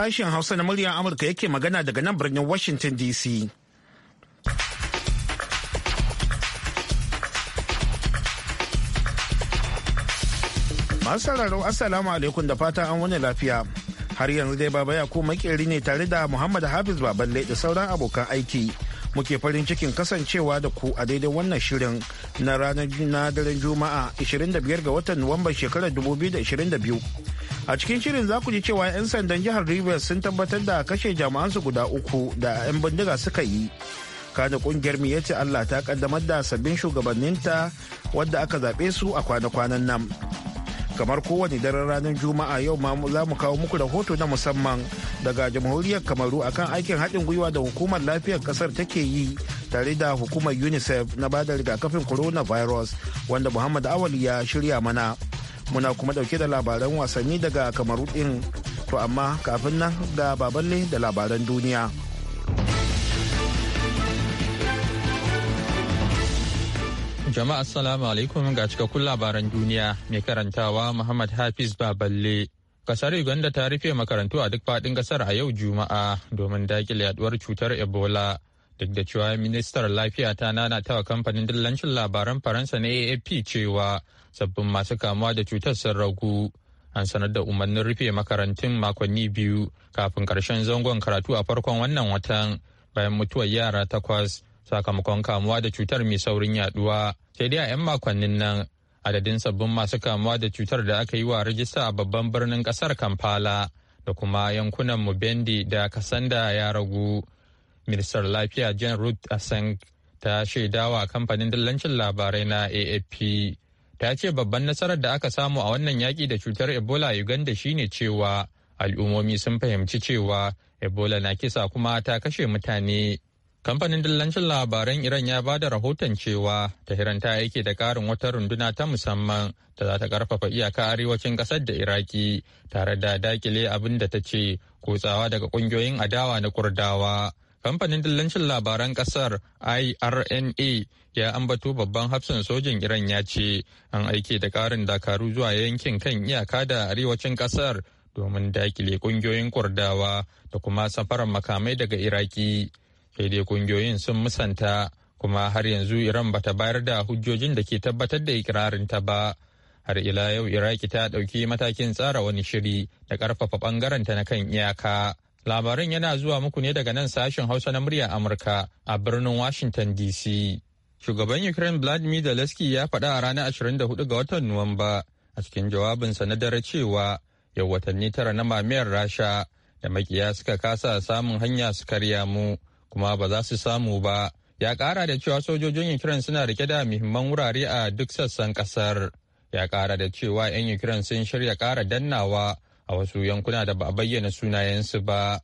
sashen Hausa na muryar Amurka yake magana daga nan birnin Washington DC. Masu sauraro Assalamu alaikum da fata an wani lafiya. Har yanzu dai baba ya ko makeri ne tare da Muhammad Hafiz Baballe da sauran abokan aiki. muke farin cikin kasancewa da ku a daidai wannan shirin na ranar na daren juma'a 25 ga watan nuwamban shekarar 2022 a cikin shirin za ku ji cewa 'yan sandan jihar rivers sun tabbatar da kashe jama'ansu guda uku da 'yan bindiga suka yi kada kungiyar mu yace allah ta kaddamar da sabbin shugabanninta wadda aka zaɓe su a kwana-kwanan nan kamar kowane daren ranar juma'a yau ma za mu kawo muku rahoto na musamman daga jamhuriyar kamaru akan aikin haɗin gwiwa da hukumar lafiyar ƙasar take yi tare da hukumar unicef na bada rigakafin coronavirus wanda muhammad awali ya shirya mana muna kuma dauke da labaran wasanni daga kamaru din to amma kafin nan ga baballe da labaran duniya jama'a assalamu alaikum ga cikakkun labaran duniya mai karantawa muhammad hafiz baballe kasar uganda ta rufe makarantu a duk fadin kasar a yau juma'a domin dakile yaduwar cutar ebola duk da cewa ministar lafiya ta nanatawa kamfanin dillancin labaran faransa na afp cewa sabbin masu kamuwa da cutar sun ragu an sanar da umarnin rufe makarantun makonni biyu kafin karshen zangon karatu a farkon wannan watan bayan mutuwar yara takwas sakamakon kamuwa da cutar mai saurin yaduwa sai dai a 'yan makonnin nan adadin sabbin masu kamuwa da cutar da aka yi wa rajista a babban birnin kasar kampala da kuma yankunan mubendi da kasanda ya ragu ministar lafiya jan ruth asang ta shaidawa kamfanin dillancin labarai na afp ta ce babban nasarar da aka samu a wannan yaƙi da cutar ebola a uganda shine cewa al'ummomi sun fahimci cewa ebola na kisa kuma ta kashe mutane kamfanin dillancin labaran iran ya ba da rahoton cewa tahiran ta yake da karin wata runduna ta musamman ta za ta karfafa iyaka arewacin kasar da iraki tare da dakile abin da ta ce kotsawa daga kungiyoyin adawa na kurdawa Kamfanin dillancin labaran kasar IRNA ya ambato babban hafsan sojin Iran ya ce an aike da karin dakaru zuwa yankin kan iyaka da arewacin kasar domin dakile kungiyoyin kurdawa da kuma safarar makamai daga Iraki. Sai dai kungiyoyin sun musanta kuma har yanzu Iran bata bayar da hujjojin da ke tabbatar da ikirarinta ba. har ila yau iraki ta ɗauki matakin tsara wani shiri da ƙarfafa ɓangarenta na kan iyaka Labaran yana zuwa muku ne daga nan sashen Hausa na muryar Amurka a birnin Washington DC. Shugaban Ukraine Vladimir Zelensky ya faɗa a ranar 24 ga watan Nuwamba a cikin jawabinsa na dare cewa yau watanni tara na mamiyar Rasha da makiya suka kasa samun hanya su karya mu kuma ba za su samu ba. Ya ƙara da cewa sojojin Ukraine suna rike da muhimman wurare a duk sassan ƙasar. Ya ƙara da cewa 'yan Ukraine sun shirya ƙara dannawa a wasu yankuna da ba a bayyana sunayensu ba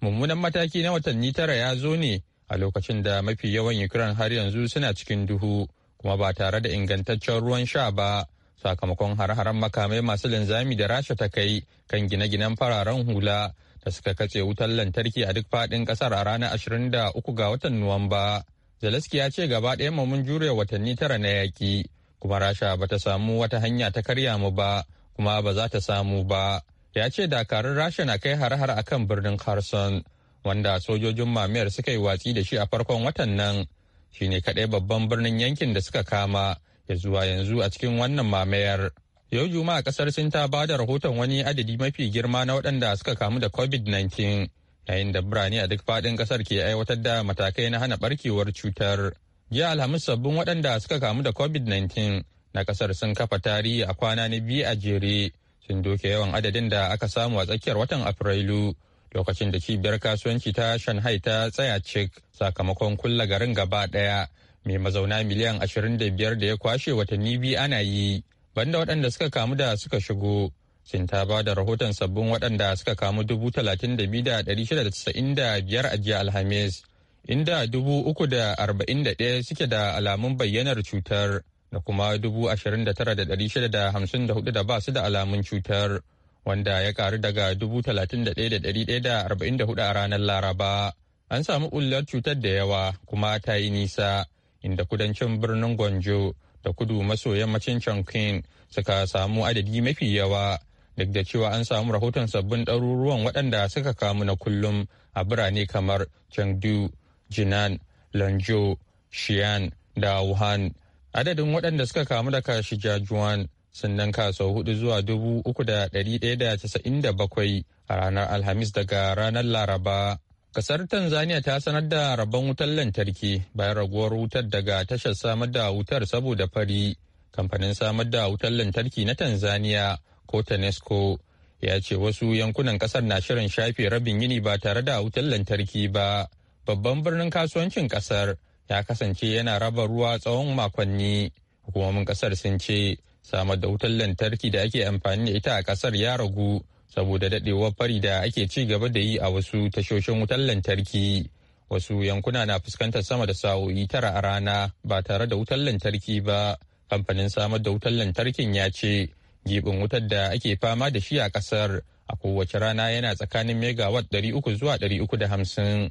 mummunan mataki na watanni tara ya zo ne a lokacin da mafi yawan ukraine har yanzu suna cikin duhu kuma ba tare da ingantaccen ruwan sha ba sakamakon har-haren makamai masu linzami da rasha ta kai kan gine-ginen fararen hula da suka katse wutar lantarki a duk faɗin ƙasar a ranar 23 ga watan nuwamba zelensky ya ce gaba ɗaya mun jure watanni tara na yaƙi kuma rasha ba ta samu wata hanya ta karya mu ba kuma ba za ta samu ba ya ce dakarun rasha na kai har-har kan birnin kharson wanda sojojin mamayar suka yi watsi da shi a farkon watan nan shine kaɗai babban birnin yankin da suka kama ya zuwa yanzu a cikin wannan mamayar yau juma'a kasar sin ta ba da rahoton wani adadi mafi girma na waɗanda suka kamu da covid-19 yayin da birane a duk faɗin kasar ke aiwatar da matakai na hana barkewar cutar jiya alhamis sabbin waɗanda suka kamu da covid-19 na kasar sun kafa tarihi a kwana na biyu a jere sun doke yawan adadin da aka samu a tsakiyar watan Afrilu lokacin da cibiyar kasuwanci ta Shanghai ta tsaya cik sakamakon kulla garin gaba ɗaya mai mazauna miliyan 25 da ya kwashe watanni biyu ana yi. Banda waɗanda suka kamu da suka shigo, sun ta ba da rahoton sabbin waɗanda suka kamu 32,695 a jiya Alhamis, inda 341 suke da alamun bayyanar cutar. da kuma 29,654 da ba su da alamun cutar wanda ya karu daga 31,144 a ranar laraba an samu ƙullar cutar da yawa kuma ta yi nisa inda kudancin birnin gwanjo da kudu maso yammacin chongqing suka samu adadi mafi yawa duk da cewa an samu rahoton sabbin ɗaruruwan waɗanda suka kamu na kullum a birane kamar chengdu jinan lanzhou xi'an da wuhan Adadin waɗanda suka kamu da kashi jajuwan sun ninka hudu zuwa dubu uku da ɗari ɗaya da casa'in da bakwai a ranar Alhamis daga ranar Laraba. Kasar Tanzania ta sanar da rabon wutar lantarki bayan raguwar wutar daga tashar samar da wutar saboda fari. Kamfanin samar da wutar lantarki na Tanzania ko Tanesco ya ce wasu yankunan kasar na shirin shafe rabin yini ba tare da wutar lantarki ba. Babban birnin kasuwancin kasar ya kasance yana raba ruwa tsawon makonni hukumomin kasar sun ce samar da wutar lantarki da ake amfani da ita a kasar ya ragu saboda dadewar fari da ake ci gaba da yi a wasu tashoshin wutar lantarki wasu yankuna na fuskantar sama da sa'o'i tara a rana ba tare da wutar lantarki ba kamfanin samar da wutar lantarkin ya ce gibin wutar da ake fama da shi a kasar a kowace rana yana tsakanin megawatt 300 zuwa 350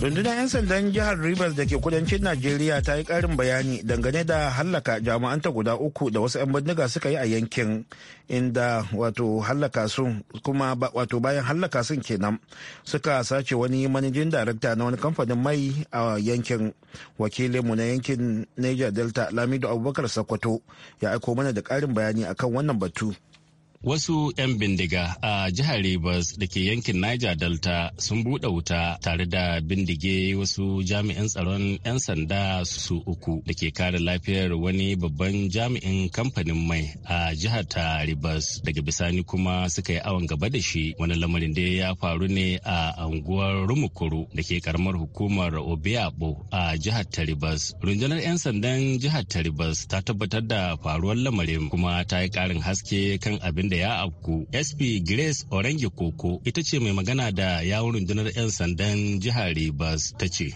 rundunar 'yan sandan jihar rivers da ke kudancin najeriya ta yi karin bayani dangane da hallaka jama'anta guda uku da wasu 'yan bindiga suka yi a yankin inda wato hallaka sun kuma wato bayan hallaka sun kenan suka sace wani manajin darakta na wani kamfanin mai a yankin wakilinmu na yankin niger delta lamido abubakar sokoto ya aiko mana da karin bayani akan wannan batu. Wasu 'yan bindiga a jihar Rivers da ke yankin Niger Delta sun buɗe wuta tare da bindige wasu jami'an tsaron 'yan sanda su uku da ke kare lafiyar wani babban jami'in kamfanin mai a jihar ta Rivers daga bisani kuma suka yi awon gaba da shi wani lamarin da ya faru ne a anguwar Rumukuru da ke karamar hukumar Obiabo a jihar ta Rivers. Rundunar 'yan sandan jihar ta Rivers ta tabbatar da faruwar lamarin kuma ta yi ƙarin haske kan abin da ya afku sp grace orange koko ita ce mai magana da yawon rundunar 'yan sandan jihar rivers ta ce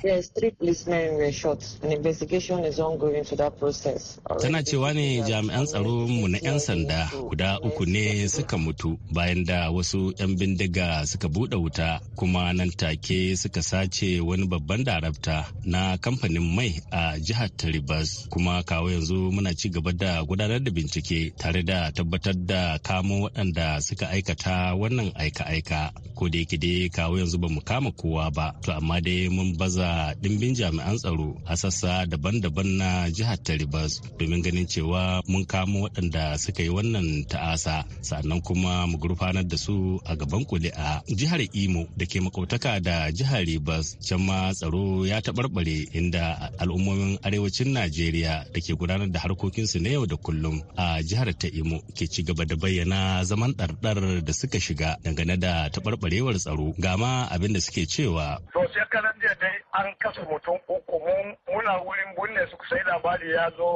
tana cewa ne jami'an tsaron mu na 'yan sanda guda uku ne suka mutu bayan da wasu 'yan bindiga suka buɗe wuta kuma nan take suka sace wani babban darabta na kamfanin mai a jihar taribas kuma kawo yanzu muna ci gaba da gudanar da bincike tare da tabbatar da kama kamo waɗanda suka aikata wannan aika-aika ko da yake dai kawo yanzu ba mu kama kowa ba to amma dai mun baza ɗimbin jami'an tsaro a sassa daban-daban na jihar ta domin ganin cewa mun kamo waɗanda suka yi wannan ta'asa sannan kuma mu gurfanar da su a gaban kuli'a jihar Imo da ke makautaka da jihar ribas can ma tsaro ya taɓarɓare inda al'ummomin arewacin Najeriya da ke gudanar da harkokinsu na yau da kullum a jihar ta Imo ke ci gaba da bayyana na zaman ɗarɗar da suka shiga dangane da taɓarɓarewar tsaro ga ma abin da suke cewa. To shekaran jiya dai an kasa mutum uku muna wurin bunne su sai labari ya zo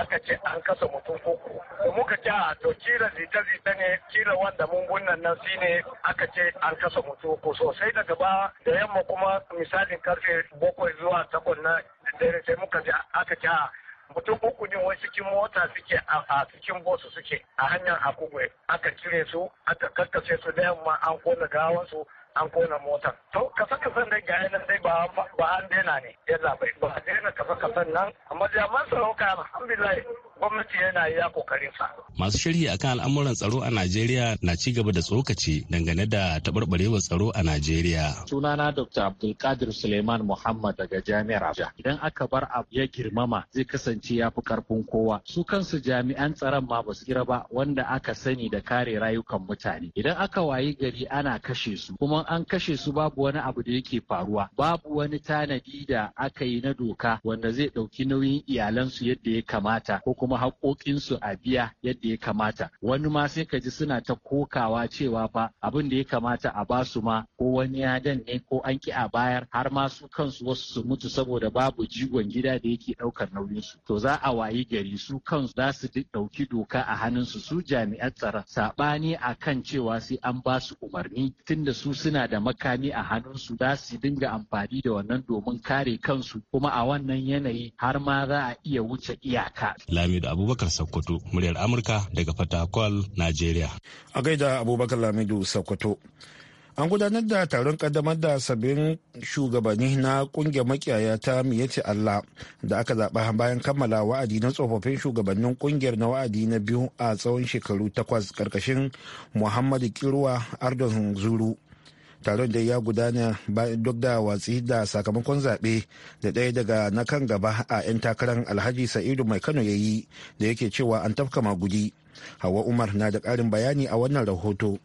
aka ce an kasa mutum uku da muka ce a ah, to kila zita zita ne kila wanda mun bunnan nan shi ne aka ce an kasa mutum uku sosai da gaba da yamma kuma misalin karfe bakwai zuwa takwas na dare sai muka ce aka ce ah, mutum uku ne wai cikin mota suke a cikin bosu suke a hanyar akugwe aka cire su aka karkace su da yamma an kona gawansu an kona motar. To kasa kasan da ga 'yanan dai ba an daina ne ya zabai ba a daina kasa kasan nan amma jaman sarauka alhamdulillah gwamnati yana iya sa. Masu sharhi akan al'amuran tsaro a Najeriya na ci gaba da tsokaci dangane da taɓarɓarewar tsaro a Najeriya. Sunana Dr. Abdulkadir Suleiman Muhammad daga Jami'ar Abuja. Idan aka bar abu ya girmama zai kasance ya fi karfin kowa. Su kansu jami'an tsaron ma basu kira ba wanda aka sani da kare rayukan mutane. Idan aka wayi gari ana kashe su kuma an kashe su babu wani abu da yake faruwa. Babu wani tanadi da aka yi na doka wanda zai ɗauki nauyin iyalansu yadda ya kamata ko kuma kuma haƙoƙinsu a biya yadda ya kamata wani ma sai ka ji suna ta kokawa cewa fa abin da ya kamata a basu ma ko wani ya ne ko an ki a bayar har ma su kansu wasu su mutu saboda babu jigon gida da yake ɗaukar nauyinsu to za a wayi gari su kansu za su ɗauki doka a hannunsu su jami'an tsaron saɓani a kan cewa sai an ba su umarni tunda su suna da makami a hannunsu za su dinga amfani da wannan domin kare kansu kuma a wannan yanayi har ma za a iya wuce iyaka. da Abubakar Sokoto, muryar Amurka daga Fatakwal, Najeriya. A gaida Abubakar Lamidu Sokoto. An gudanar da taron kaddamar da sabbin shugabanni na kungiyar makiyaya ta miyati Allah da aka zaɓa bayan kammala wa'adi na tsofaffin shugabannin kungiyar na wa'adi na biyu a tsawon shekaru takwas ƙarƙashin Muhammadu Kirwa Ardon Zuru. taron da ya gudana duk da watsi da sakamakon zaɓe da ɗaya daga na kan gaba a 'yan takarar alhaji sa'idu mai kano ya yi da yake cewa an tafka magudi hawa umar na da ƙarin bayani a wannan rahoto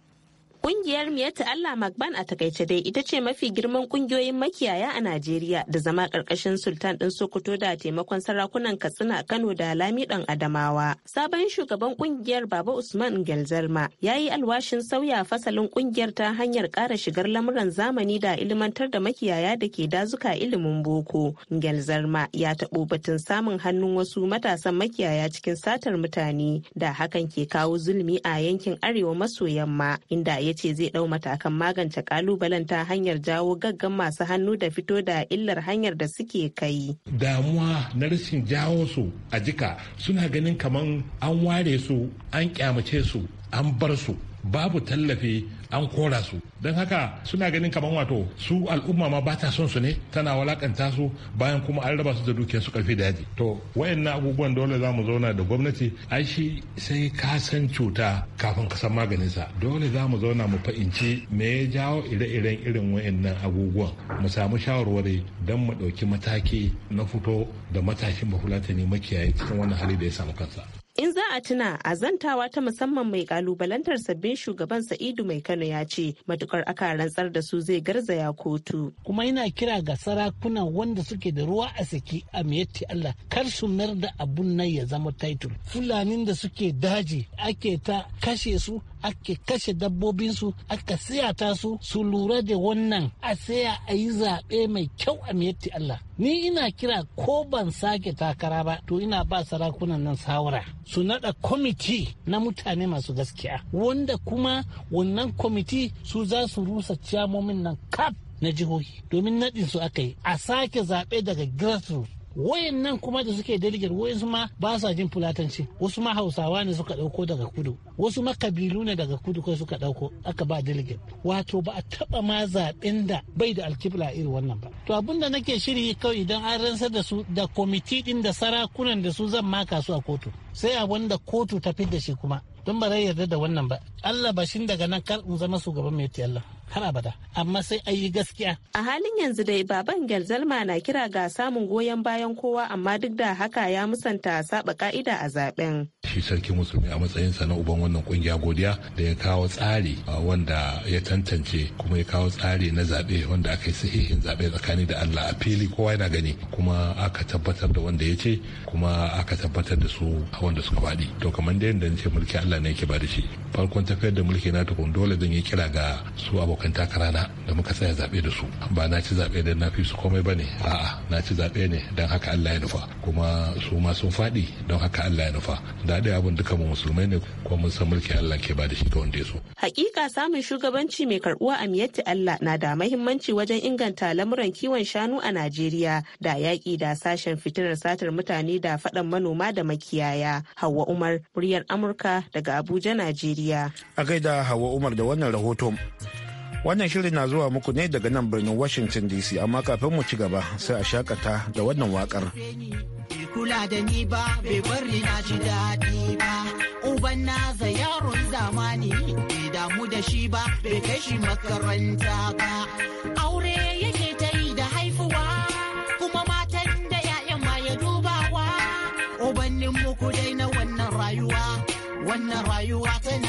Kungiyar Miyatta Allah Magban a takaice dai ita ce mafi girman kungiyoyin makiyaya a Najeriya da zama karkashin Sultan ɗin Sokoto da taimakon sarakunan Katsina Kano da lami Lamiɗan Adamawa. Sabon shugaban kungiyar Baba Usman Gelzarma ya yi alwashin sauya fasalin kungiyar ta hanyar ƙara shigar lamuran zamani da ilimantar da makiyaya da ke dazuka ilimin boko. Gelzarma ya taɓo batun samun hannun wasu matasan makiyaya cikin satar mutane da hakan ke kawo zulmi a yankin arewa maso yamma inda ya ce zai ɗau matakan magance kalubalen ta hanyar jawo gaggan masu hannu da fito da illar hanyar da suke kai. Damuwa na rashin jawo su a jika suna ganin kaman an ware su an kyamace su an bar su babu tallafi an kora su don haka suna ganin kamar wato su al'umma ma ba ta son su ne tana walakanta su bayan kuma an raba su da dukiyar su karfi da yaji to wayannan abubuwan dole za mu zauna da gwamnati ai shi sai ka san cuta kafin ka san maganin sa dole za mu zauna mu fahimci me ya jawo ire-iren irin wayannan abubuwan mu samu shawarwari don mu ɗauki mataki na fito da matashin bafulatani makiyayi cikin wannan hali da ya samu kansa In za a tuna a zantawa ta musamman mai kalubalantar sabbin shugaban Sa'idu Mai Kano ya ce matukar aka rantsar da su zai garzaya kotu. Kuma yana kira ga sarakuna wanda suke da ruwa a saki a miyatti Allah kar su mayar da abun nan ya zama title. Fulanin da suke daji ake ta kashe su ake kashe dabbobinsu aka siya ta su su lura da wannan a saya a yi zaɓe mai kyau a miyatti Allah. ni ina kira ko ban sake takara ba to ina ba sarakunan nan sawara su nada kwamiti na mutane masu gaskiya wanda kuma wannan kwamiti su za su rusa ciyamomin nan kaf na jihohi domin naɗin su aka yi a sake zaɓe daga grassroots wayannan kuma da suke delegate wayansu ma ba sa jin fulatanci wasu ma hausawa ne suka dauko daga kudu wasu ma kabilu ne daga kudu kai suka dauko aka ba delegate wato ba a taba ma zaben da bai da alkibla irin wannan ba to abinda nake shiri kawai idan an rantsar da su da kwamiti din da sarakunan da su zan maka su a kotu sai a wanda kotu ta fidda shi kuma don ba zai yarda da wannan ba Allah bashin daga nan kar in zama shugaban mai Allah kana bada amma sai a gaskiya a halin yanzu dai baban gelzalma na kira ga samun goyon bayan kowa amma duk da haka ya musanta saba ka'ida a zaben shi sarki musulmi a matsayinsa na uban wannan kungiya godiya da ya kawo tsari wanda ya tantance kuma ya kawo tsari na zaɓe wanda aka yi sahihin zaɓe tsakani da allah a fili kowa yana gani kuma aka tabbatar da wanda ya ce kuma aka tabbatar da su wanda suka faɗi to kamar da yadda ce mulki allah ne yake ba da shi farkon tafiyar da mulki na tukun dole zan yi kira ga su abokan abokan takara na da muka tsaya zaɓe da su ba na ci zaɓe da na fi su komai ba ne a'a na ci zaɓe ne don haka Allah ya nufa kuma su ma sun faɗi don haka Allah ya nufa da dai abin duka mu musulmai ne ko mun san mulki Allah ke ba da shi ga wanda ya so. Hakika samun shugabanci mai karbuwa a miyatti Allah na da mahimmanci wajen inganta lamuran kiwon shanu a Najeriya da yaƙi da sashen fitinar satar mutane da faɗan manoma da makiyaya. Hauwa Umar, muryar Amurka daga Abuja, Najeriya. A gaida Hauwa Umar da wannan rahoton. Wannan shirin na zuwa muku ne daga nan birnin Washington DC amma kafin mu ci gaba sai a shakata da wannan wakar. kula da ni ba bai bari na ji daɗi ba uban na za yaron zamani bai damu da shi ba bai kai shi makaranta ba aure yake ta yi da haifuwa kuma matan da ya'yan ma ya dubawa ubannin muku dai na wannan rayuwa wannan rayuwa tana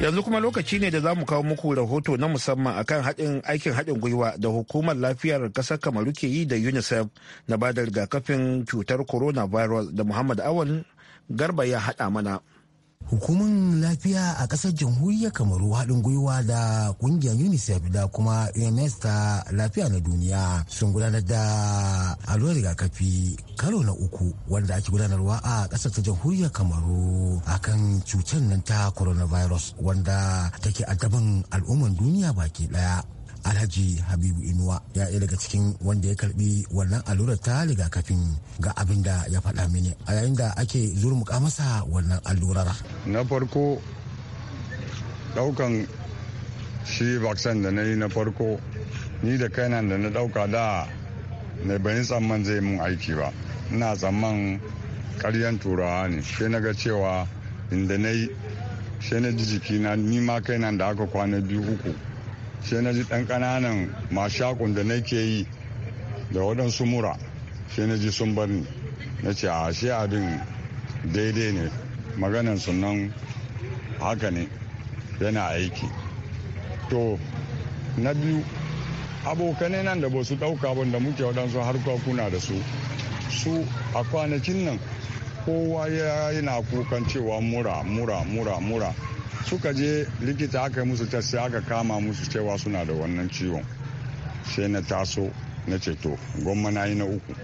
yanzu kuma lokaci ne da za mu kawo muku rahoto na musamman akan haɗin aikin haɗin gwiwa da hukumar lafiyar ƙasar kamaru ke yi da unicef na ba da rigakafin cutar coronavirus da muhammad awal garba ya haɗa mana Hukumun lafiya a kasar jamhuriyar kamaru haɗin gwiwa da kungiyar unicef da kuma ms ta lafiya na duniya sun gudanar da allurar rigakafi karo na uku wanda ake gudanarwa a kasar ta jamhuriyar kamaru a kan cutar nan ta coronavirus wanda take addaban al'umman duniya baki ɗaya. alhaji habibu inuwa ya yi daga cikin wanda ya karbi wannan allurar ta rigakafin ga abin da ya faɗa mini a yayin da ake zurmuka masa wannan allurar na farko ɗaukan shi vaccine da na yi na farko ni da kaina da na ɗauka da na bayan tsamman zai mun aiki ba ina tsamman karyan turawa ne sai na ga cewa inda na yi sai na ji jikina ni ma kaina da aka kwana biyu uku sai na ji ɗan ƙananan mashakun da nake yi da waɗansu mura sai na ji sun bar ni na ce a shi abin daidai ne maganan sunan haka ne yana aiki to na biyu abokanai nan da ba su ɗauka ban da muke waɗansu harkokuna da su su a kwanakin nan kowa ya yana kukan cewa mura mura mura mura suka je likita aka yi musu tasiri aka kama musu cewa suna da wannan ciwon sai na taso na ceto gwamma na yi na uku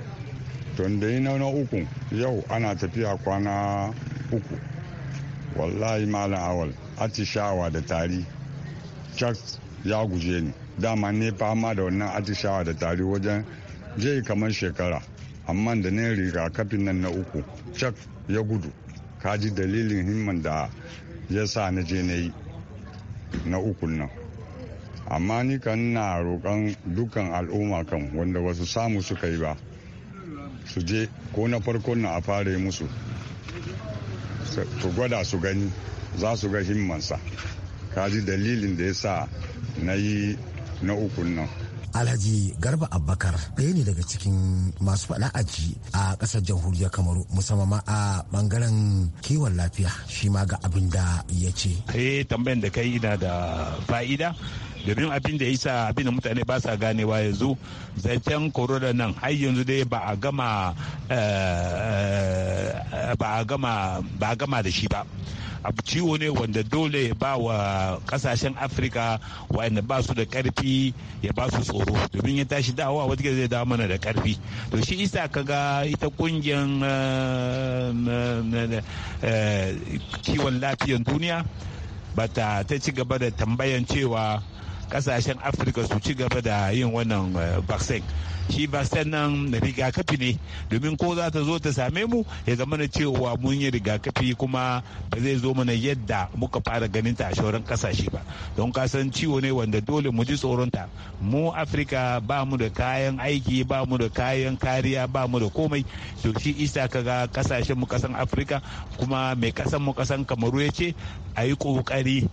to da yi na uku yau ana tafiya kwana uku wallahi malam awal atishawa da tari chucks ya guje ni dama ne fama da wannan atishawa da tari wajen je kamar shekara amma da ne rigakafin nan na uku chuck ya gudu kaji dalilin himman da ya sa na je na yi na ukun nan amma ni kan na roƙon dukkan al'umma kan wanda wasu samu suka yi ba su je ko na farkon na a fara musu su gwada su gani za su ga himmansa kaji dalilin da ya sa na yi na ukun nan alhaji garba abbakar ɗaya ne daga cikin masu faɗa aji a ƙasar jamhuriyar kamaru musamman ma a ɓangaren kiwon lafiya shi ma ga abin da ya ce eh tambayan da kai ina da fa'ida domin abin da isa abin da mutane ba sa ganewa yanzu zancen corona nan har yanzu dai ba eh, eh, ba a gama da shi ba abu ciwo ne wanda dole ya ba wa kasashen afirka wa'anda ba su da karfi ya ba su tsoro domin ya tashi dawa wata zai dawo mana da karfi to shi isa kaga ita kungiyar eh, eh, eh, kiwon lafiyar duniya ba ta ci gaba da tambayan cewa kasashen afirka su ci gaba da yin wannan eh, vaccine shi vaccine nan rigakafi ne domin ko za ta zo ta same mu ya zama na cewa mun yi rigakafi kuma ba zai zo mana yadda muka fara ganin ta a shauran kasashe ba don kasan ciwo ne wanda dole mu ji tsoronta mu afirka ba mu da kayan aiki ba mu da kayan kariya ba mu da komai to shi isa kaga kasashen mu kasan afirka kuma mai kasan mu kasan kamaru ya ce a yi kokari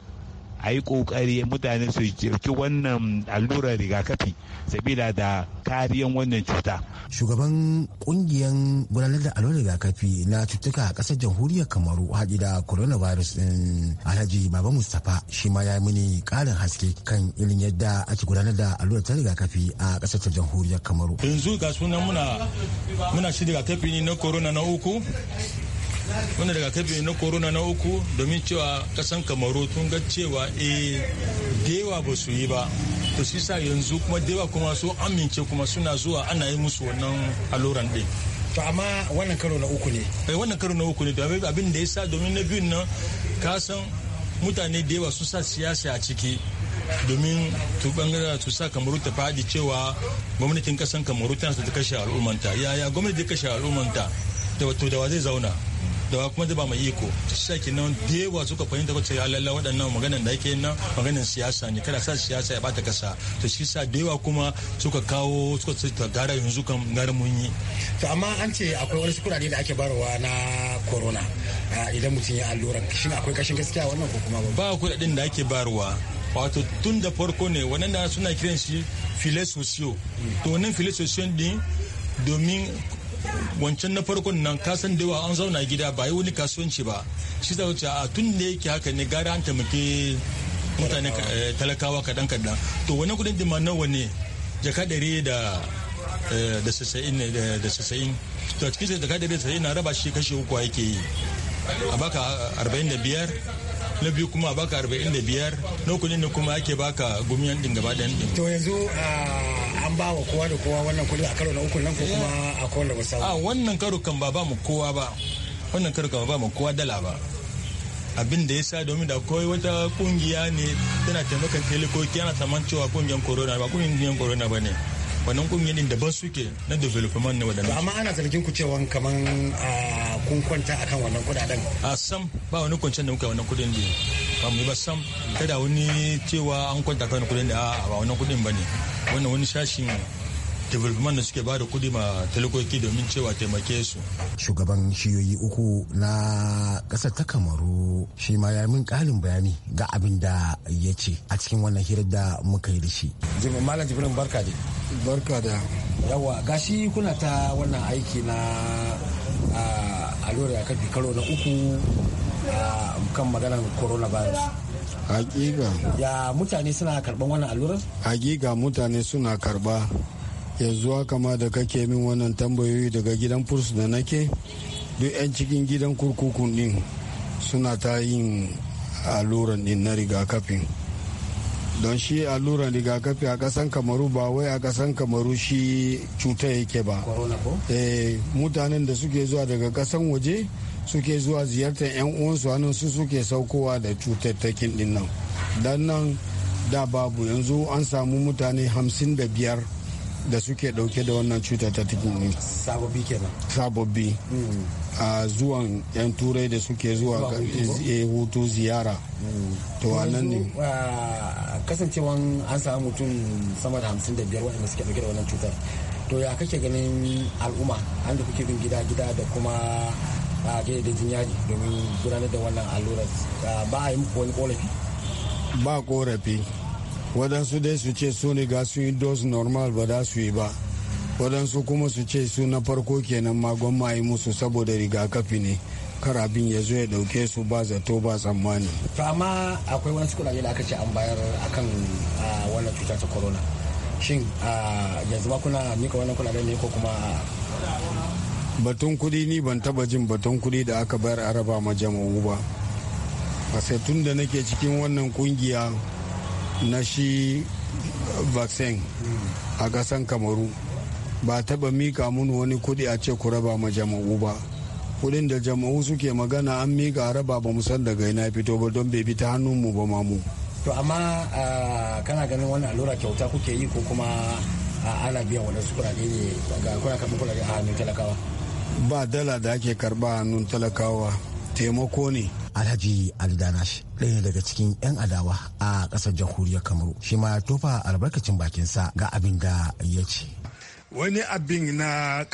a yi kokari mutane su jirki wannan allurar rigakafi sabila da kariyan wannan cuta shugaban kungiyan gudanar da allurar rigakafi na cututtuka a kasar jamhuriyar kamaru haɗi da coronavirus ɗin alhaji baba mustapha shi ma ya mini ƙarin haske kan irin yadda ake gudanar da allurar ta rigakafi a kasar ta jamhuriyar kamaru yanzu ga sunan muna muna shi rigakafi ne na corona na uku wanda kafi na corona na uku domin cewa kasan kamaru tun ga cewa eh dewa ba su yi ba to shi sa yanzu kuma dewa kuma su amince kuma suna zuwa ana yi musu wannan alluran din to amma wannan karo na uku ne eh wannan karo na uku ne domin abin da ya sa domin na biyun nan kasan mutane dewa su sa siyasa a ciki domin tu bangaren su sa kamaru ta fadi cewa gwamnatin kasan kamaru tana ta kashe al'ummanta yaya gwamnati ta kashe al'ummanta da wato da wa zai zauna da kuma da ba mai iko shi ke nan da yawa suka fahimta ko cewa lalla waɗannan maganan da ake nan maganan siyasa ne kada sa siyasa ya bata kasa to shi sa da kuma suka kawo suka ce ta gara yanzu kan gara mun yi to amma an ce akwai wani kurare da ake barawa na corona idan mutum ya alluran shin akwai kashin gaskiya wannan ko kuma ba ba kuɗaɗin da ake barwa wato tun da farko ne wannan da suna kiran shi file sosiyo to wannan file sosiyo din domin wancan na farkon nan kasan da an zauna gida ba yi wani kasuwanci ba shi za wuce a tun da yake haka ne gara an taimake mutane eh, talakawa kaɗan kaɗan to wani kudin dima nawa ne jaka ɗari da eh, da sassa'in da sassa'in to a cikin jaka ɗari da sassa'in na raba shi kashe uku yake yi a baka arba'in da biyar na biyu kuma a baka arba'in da biyar na uku ne kuma ake baka gumiyan ɗin gaba ɗayan ɗin. to yanzu ah, an ba wa kowa da kowa wannan kudi a karo na uku nan ko eh. kuma a kowanne ba samu. a wannan karo kan ba ba mu kowa ba wannan karo kan ba mu kowa dala ba abin da ya sa domin da kawai wata kungiya ne tana taimakon telekoki ana saman cewa kungiyar corona ba kungiyar corona ba ne wannan kungiyar daban suke na development ne wadannan amma ana zargin ku cewa kaman kun kwanta akan wannan kudaden a sam ba wani kwancen da muka wannan kudin ne ba mu ba sam kada wani cewa an kwanta kan kudin da a wannan kudin ba ne wani wani shashin development da suke bada kudi ma talakoki domin cewa taimake su. Shugaban shiyoyi uku na ƙasar ta Kamaru shi ma ya min ƙarin bayani ga abin da ya ce a cikin wannan hirar da muka yi da shi. Malam jibirin barka da. Barka da. Yawa gashi kuna ta wannan aiki na ah, a allurar karfi karo na uku ah, kan maganar coronavirus. hakika ya mutane suna karban wannan allurar hakika mutane suna karba yanzu haka ma da kake min wannan tambayoyi daga gidan furs da nake duk 'yan cikin gidan kurkukun din suna ta yin alluran din na rigakafin don shi alluran rigakafi a kasan kamaru ba wai a kasan kamaru shi cuta yake ba eh, mutanen da suke zuwa daga kasan waje suke zuwa ziyartar 'yan uwansu hannun su suke saukowa da cutattakin dinnan don nan da babu yanzu an samu mutane hamsin da biyar da suke dauke da wannan cuta ta tikin sababbi kenan sabobi hmm. a zuwan yan turai da suke zuwa eh, hutu ziyara hmm. to a nan ne ah, kasancewan an samu mutum sama da hamsin da biyar waɗanda suke dauke da wannan cutar to ya kake ganin al'umma an da kuke bin gida-gida da kuma a ah, jin yaji domin gudanar da wannan allurar ah, ba a yi muku wani korafi ba korafi waɗansu dai su ce su riga su yi dose normal ba za su yi ba waɗansu kuma su ce su na farko kenan ma gwamma musu saboda rigakafi ne kar abin ya zo ya ɗauke su ba zato ba tsammani. to amma akwai wani da aka ce an bayar akan wannan cuta ta corona shin yanzu ba kuna mika wannan kuna ne ko kuma batun kuɗi ni ban taba jin batun kuɗi da aka bayar araba ma jama'u ba a tun da nake cikin wannan kungiya na shi vaccine a kasan kamaru ba taba mika mun wani kudi a ce ku raba ma jama'u ba kudin da jama'u suke magana an mika raba ba mu san daga ina fito ba don bai bi ta mu ba ma mu. to amma kana ganin wani allura kyauta kuke yi ko kuma ana biyan wani kuɗaɗe ne ga kuna kafa kuɗaɗe a hannun talakawa ba dala da ake karɓa a hannun talakawa taimako ne alhaji aldanash ɗaya daga cikin 'yan adawa a ƙasar jamhuriyar kamaru shi ma tofa albarkacin bakinsa ga abin da ya ce wani abin na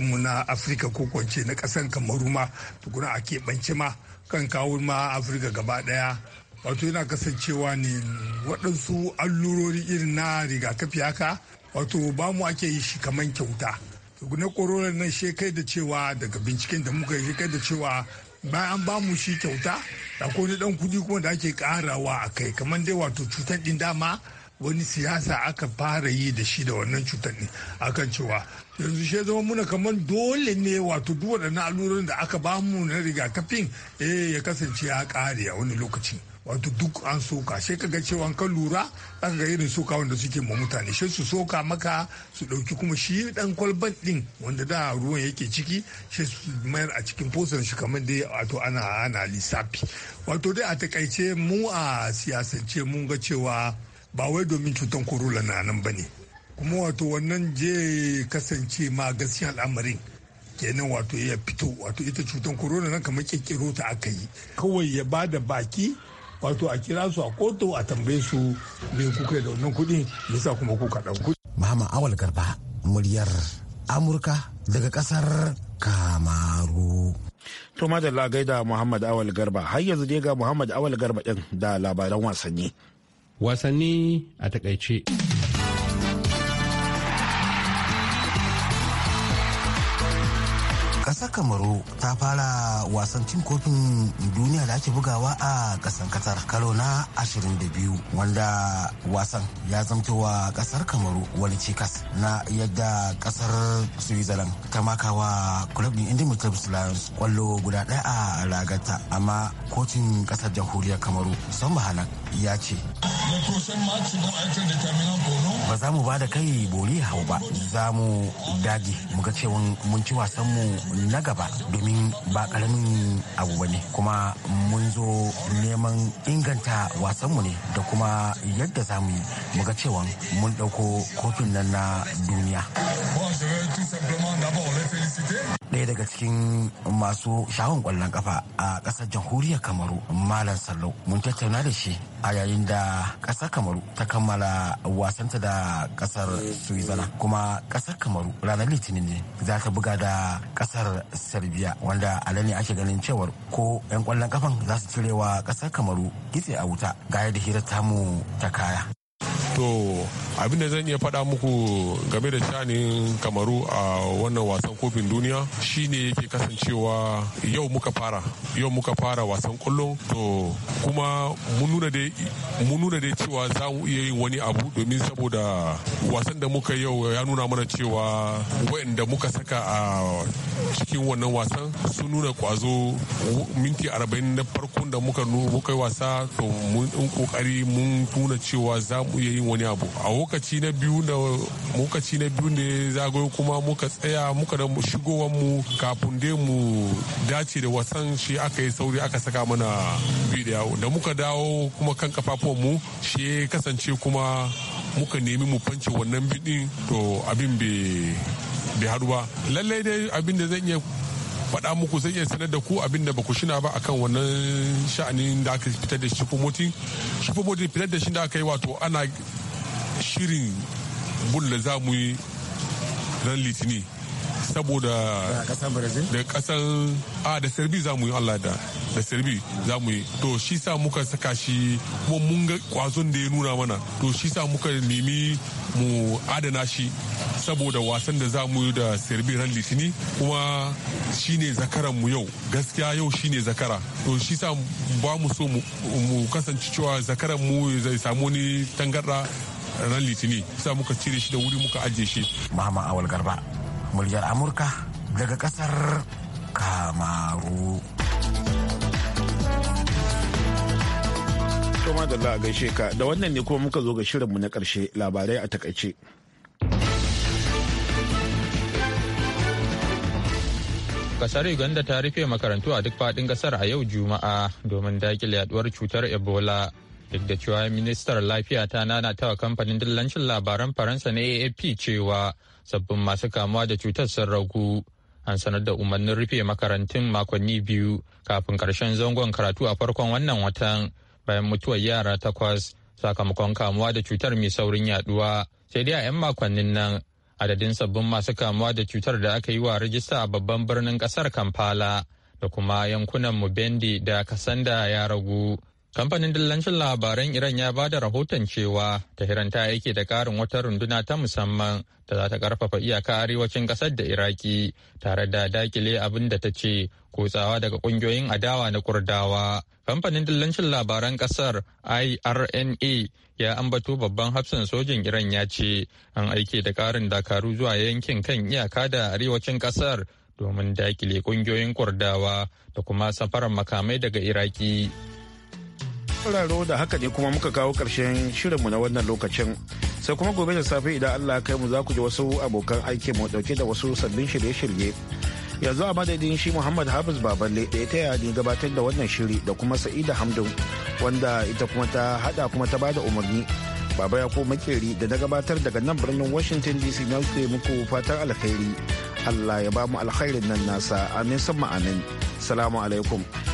mu na afirka ko kwance na kasan kamaru ma tukuna a keɓance ma kan kawo ma afirka gaba ɗaya wato yana kasancewa ne waɗansu allurori irin na rigakafi haka wato ba mu ake yi shi kamar kyauta na koronar nan shekai da cewa daga binciken da muka yi shekai da cewa bayan an bamu shi kyauta akwai wani dan kudi kuma da ake karawa a kai kamar dai wato cutar din dama wani siyasa aka fara yi da shi da wannan cutar ne akan cewa yanzu shi zama muna kamar dole ne wato duk waɗannan alurorin da aka bamu na rigakafin eh ya kasance ya kare a wani lokaci wato duk an soka sai ga cewa ka lura aka ga irin soka wanda suke ma mutane sai su soka maka su dauki kuma shi dan kwalban din wanda da ruwan yake ciki sai su mayar a cikin fosan shi kamar dai wato ana ana lissafi wato dai a takaice mu a siyasance mun ga cewa ba wai domin cutan korola na nan bane kuma wato wannan je kasance ma gaskiya al'amarin kenan wato ya fito wato ita cutan korona nan kamar kirkiro ta aka yi kawai ya bada baki wato a kira su a koto a tambaye su me kuka da wannan kuɗi yasa kuma kuka ɗan kuɗi. mama Awal Garba muryar Amurka daga ƙasar Kamaru. To madalla gaida Muhammad Awal Garba har yanzu dai ga Muhammad Awal Garba ɗin da labaran wasanni. Wasanni a takaice. kamaru ta fara wasan cin kofin duniya da ake bugawa a kasan katar karo na 22 wanda wasan ya wa kasar kamaru wani cikas na yadda kasar switzerland ta makawa club din indomitable lions kwallo guda daya a ragarta amma kocin kasar jamhuriyar kamaru samba hanak ya ce Le prochain match va être da ba za mu ba da kai bori hau ba za mu dage mu ga cewa mun ci wasan mu na gaba domin ba karamin abu ba ne kuma mun zo neman inganta wasan mu ne da kuma yadda za mu yi mu ga cewa mun dauko kofin nan na duniya ɗaya daga cikin masu shawon kwallon kafa a ƙasar jamhuriyar kamaru malam sallau mun tattauna da shi a yayin da ƙasar kamaru ta kammala wasanta da kasar suizana kuma kasar kamaru ranar litinin ne za ta buga da kasar serbia wanda alani ake ganin cewar ko 'yan kwallon kafan za su cirewa kasar kamaru kitse a wuta ga yadda ta tamu ta kaya to abin da zan iya faɗa muku game da shanin kamaru a wannan wasan kofin duniya shine yake kasancewa yau muka fara yau muka fara wasan kullum to kuma mun nuna dai cewa za mu iya yin wani abu domin saboda wasan da muka yau ya nuna mana cewa wayanda muka saka a cikin wannan wasan sun nuna kwazo minti 40 na farkon da muka yi wasa to mun kokari mun nuna cewa za mu iya yin wani abu a lokaci na biyu da lokaci na biyu ne zagayo kuma muka tsaya muka da shigowar mu kafin dai mu dace da wasan shi aka yi sauri aka saka mana bidiyo da muka dawo kuma kan kafafuwan mu shi kasance kuma muka nemi mu fance wannan bidin to abin bai hadu ba lallai dai abin da zan iya faɗa muku zai iya sanar da ku abin da ba ku shina ba akan wannan sha'anin da aka fitar da shifomotin moti fitar da shi da aka yi wato ana shirin bulla za mu yi ran litini saboda da kasan a da serbi za mu yi allah da da serbi za mu yi to shi sa muka saka shi kuma mun ga kwazon da ya nuna mana to shi sa muka nemi mu adana shi saboda wasan da za mu yi da serbi ran litini kuma shine zakaran mu yau gaskiya yau shine zakara to shi sa ba mu so mu kasance cewa zakaran mu zai samu wani tangarda ran litini sa muka cire shi da wuri muka ajiye shi mama awal garba muryar amurka daga kasar kamaru a gaishe ka da wannan ne kuma muka zo ga shirinmu na karshe labarai a takaice Kasar Uganda ta rufe makarantu a duk faɗin kasar a yau Juma'a domin dakile yaduwar cutar Ebola. Duk da cewa ministar lafiya ta nana tawa kamfanin dillancin labaran Faransa na AAP cewa sabbin masu kamuwa da cutar sun ragu. An sanar da umarnin rufe makarantun makonni biyu kafin karshen zangon karatu a farkon wannan watan bayan mutuwar yara takwas sakamakon kamuwa da cutar mai saurin yaduwa. Sai dai a 'yan makonnin nan adadin sabbin masu kamuwa da cutar da aka yi wa rajista a babban birnin kasar kampala da kuma yankunan mubendi da kasanda ya ragu Kamfanin dillancin labaran Iran ya ba da rahoton cewa Tahiran ta yake da karin wata runduna ta musamman da za ta karfafa iyaka arewacin kasar da Iraki tare da dakile abin da ta ce kotsawa daga kungiyoyin adawa na Kurdawa. Kamfanin dillancin labaran kasar IRNA ya ambato babban hafsan sojin Iran ya ce an aike da karin dakaru zuwa yankin kan iyaka da arewacin kasar domin dakile kungiyoyin Kurdawa da kuma safarar makamai daga Iraki. sauraro da haka ne kuma muka kawo ƙarshen shirinmu na wannan lokacin. Sai kuma gobe da safe idan Allah kai mu za ku ji wasu abokan aiki mu dauke da wasu sabbin shirye-shirye. Yanzu a madadin shi Muhammad Hafiz Baballe da ya taya ni gabatar da wannan shiri da kuma Sa'ida Hamdun wanda ita kuma ta hada kuma ta bada umarni. Baba ya ko makeri da na gabatar daga nan birnin Washington DC na muku fatan alkhairi. Allah ya ba mu alkhairin nan nasa amin sama amin. Salamu alaikum.